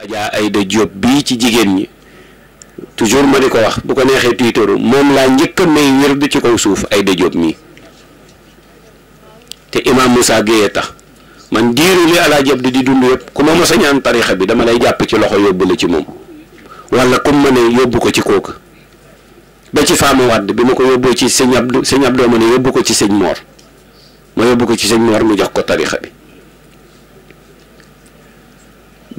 Adja Aïda Diop bii ci jigéen ñi toujours ma di ko wax bu ko neexee tiitaru moom laa njëkk a may wérdu ci kaw suuf Aïda Diop mii te imam Moussa Guèye tax man diiru li Alaa di di dund yëpp ku ma mos a ñaan tarixa bi dama lay jàpp ci loxo yóbbu la ci moom wala comme ma ne yóbbu ko ci kooku ba ci Fama Wade bi ma ko yóbboo ci sëñ Abdou sëñ Abdou ma ne yóbbu ko ci sëñ Mor ma yóbbu ko ci sëñ Mor mu jox ko tarixa bi.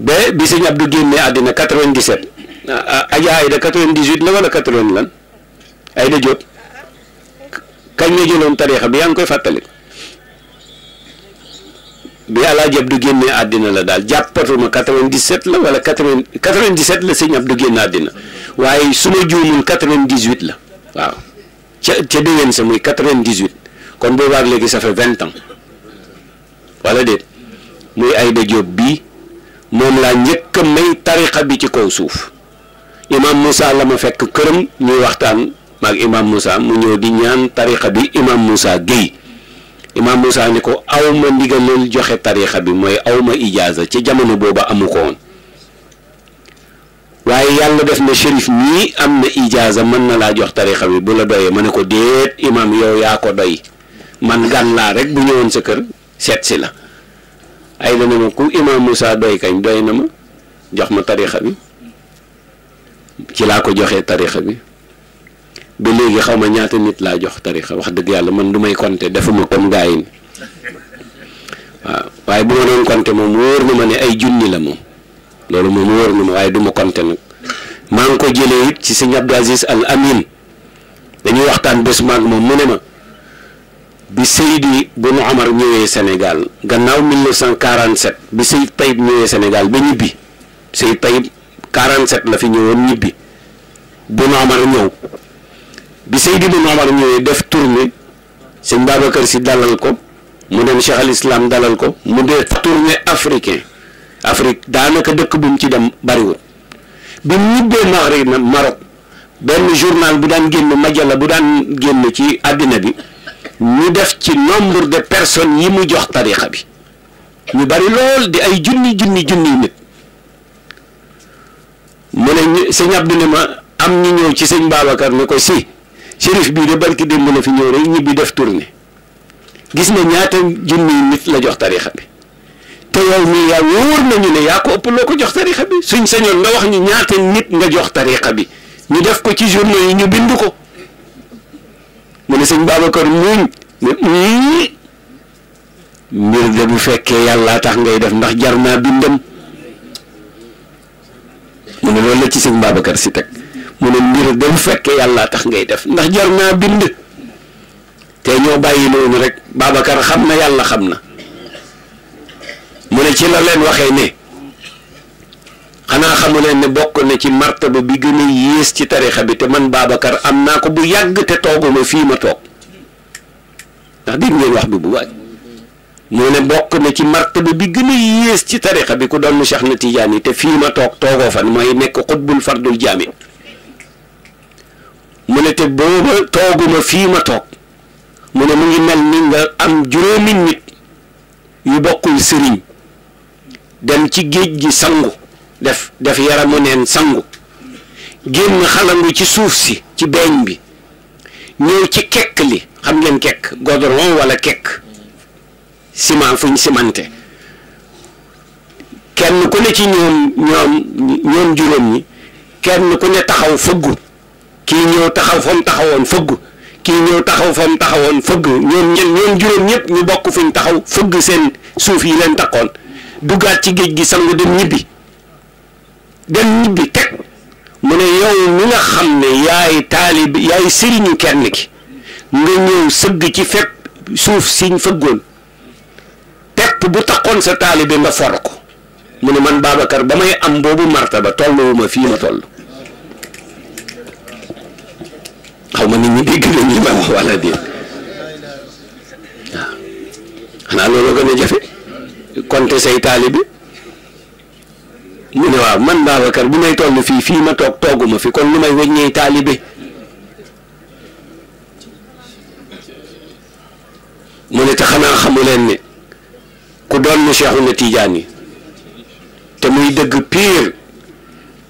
ba bi sëñ Abdou génnee àddina 97 ah, Adja Aïda 98 la wala 80 lan Aïda Diop kañ la jëloon tariixa bi yaa ngi koy fàttali bi Alaaji du génnee àddina la daal jàppatuma 97 la wala 80 97 la sëñ Abdou génne àddina waaye su ma juumul 98 la waaw ca ca déwén sa muy 98 kon boobaag léegi ça fait 20 ans wala déet muy Aïda Diop bii. moom laa njëkk a may tariqa bi ci kaw suuf imam Moussa la ma fekk këram ñuy waxtaan maag imam Moussa mu ñëw di ñaan tariqa bi imam Moussa Guèye imam Moussa ni ko aw ma ndigalal joxe tariqa bi mooy aw ma ijaaza ci jamono booba amu ko woon waaye yàlla def na shérif mii am na ijaaza mën na laa jox tariqa bi bu la doyee ma ne ko déet imam yow yaa ko doy man gan laa rek bu ñëwoon sa kër seet si la ay la ne ma ku imaam Moussa doy kañ doy na ma jox ma tarixa bi ci laa ko joxe tarixa bi ba léegi xaw ma ñaata nit laa jox tarixa wax dëgg yàlla man du may compter defuma comme gaa yi waaw waaye bu ma doon compter moom wóor na ma ne ay junni la moom loolu moom wóor na ma waaye du ma compter nag maa ngi ko jëlee it ci sëñ Abdou Aziz Al Amin dañuy waxtaan bés maag moom mu ne ma bi Seydi Boun Omar ñëwee Sénégal gannaaw 1947 bi Seydi Tayyib ñëwee Sénégal ba ñibbi Seydi Tayyib 47 la fi ñëwoon ñibbi Boun Omar ñëw bi Seydi Boun Omar ñëwee def tournée sëñ Babacar si dalal ko mu dem Cheikh al Islam dalal ko mu def tournée africain Afrique daanaka dëkk bu ci dem bariwul bi mu ñibbee Maghrib Maroc benn journal bu daan génn majalla bu daan génn ci àddina bi ñu def ci nombre de personnes yi mu jox tariqa bi ñu bari lool di ay junni junni junni nit mu ne sëñ Abdou ma am ñu ñëw ci sëñ Babacar ne ko si shérif bii de barki dem na fi ñëw rek ñibbi def tournée gis na ñaata junni nit la jox tarixa bi te yow mii yaa wóor nañu ne yaa ko ëpp loo ko jox tarixa bi suñ sañoon nga wax ñu ñaata nit nga jox tarixa bi ñu def ko ci journaux yi ñu bind ko mu ne sëñ Babacar muñ ne mbir de bu fekkee yàlla tax ngay def ndax jar naa bindam mu ne loolu la ci sëñ Babacar si teg mu ne mbir de bu fekkee yàlla tax ngay def ndax jar naa bind te ñoo bàyyi noonu rek Babacar xam na yàlla xam na mu ne ci la leen waxee ne xanaa xamu leen ne bokk na ci martaba bi gën a yées ci tarixa bi te man Babacar am naa ko bu yàgg te tooguma fii ma toog ndax dégg ngeen wax bi bu waaj moo ne bokk na ci martaba bi gën a yées ci tarixa bi ku doon seex na Tidiane yi te fii ma toog toogoo fan mooy nekk xutbul fardul jaami mu ne te booba tooguma fii ma toog mu ne mu ngi mel ni nga am juróomi nit yu bokkul sëriñ dem ci géej gi sangu def def yaramu neen sangu génn xalangu ci suuf si ci beeñ bi ñëw ci kekk li xam ngeen kekk godoron walla kekk ciment fuñ cimenté kenn ku ne ci ñoom ñoom ñoom juróom ñi kenn ku ne taxaw fëggu kii ñëw taxaw fa taxawoon fëggu kii ñëw taxaw fa taxawoon fëgg ñoom ñen ñoom juróom ñëpp ñu bokk fuñ taxaw fëgg seen suuf yi leen takkoon duggaat ci géej gi sangu dem ñibbi dem ñibbi teg mu ne yow mi nga xam ne yaay taalib yaay sëriñu kenn ki nga ñëw sëgg ci fépp suuf siñ fëggoon tepp bu taxoon sa taalibe nga for ko mu ne man Babacar ba may am boobu martaba tolluwuma fii ma toll xaw ma nit ñi dégg nañ li ma wax wala déet waaw xanaa loolu gën a jafe compter say taalibe mu ne waaw man Babacar bu may toll fii fii ma toog tooguma fi kon lu may weññee taalibe mu ne te xanaa xamu leen ne ku doon mu Cheikhu na Tiijaan yi te muy dëgg pire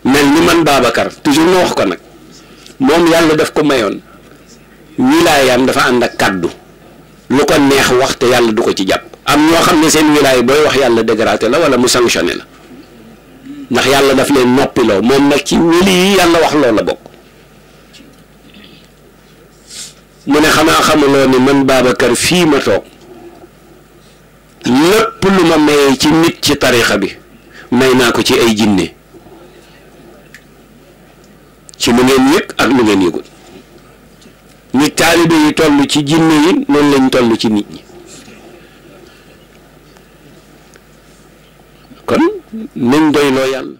mel ni man Babacar toujours ma wax ko nag moom yàlla def ko mayoon wilaayam dafa ànd ak kàddu lu ko neex wax te yàlla du ko ci jàpp am ñoo xam ne seen wilaay booy wax yàlla dégraté la wala mu sanctionné la ndax yàlla daf leen noppiloo moom nag ci wëli yi yàlla wax loo la bokk mu ne xanaa xamuloo ni man Babacar fii ma toog lépp lu ma mayee ci nit ci tarixa bi may naa ko ci ay jinne ci lu ngeen yëg ak lu ngeen yëgul nit taalibe yi toll ci jinne yi noonu lañ toll ci nit ñi nañ doyloo yàlla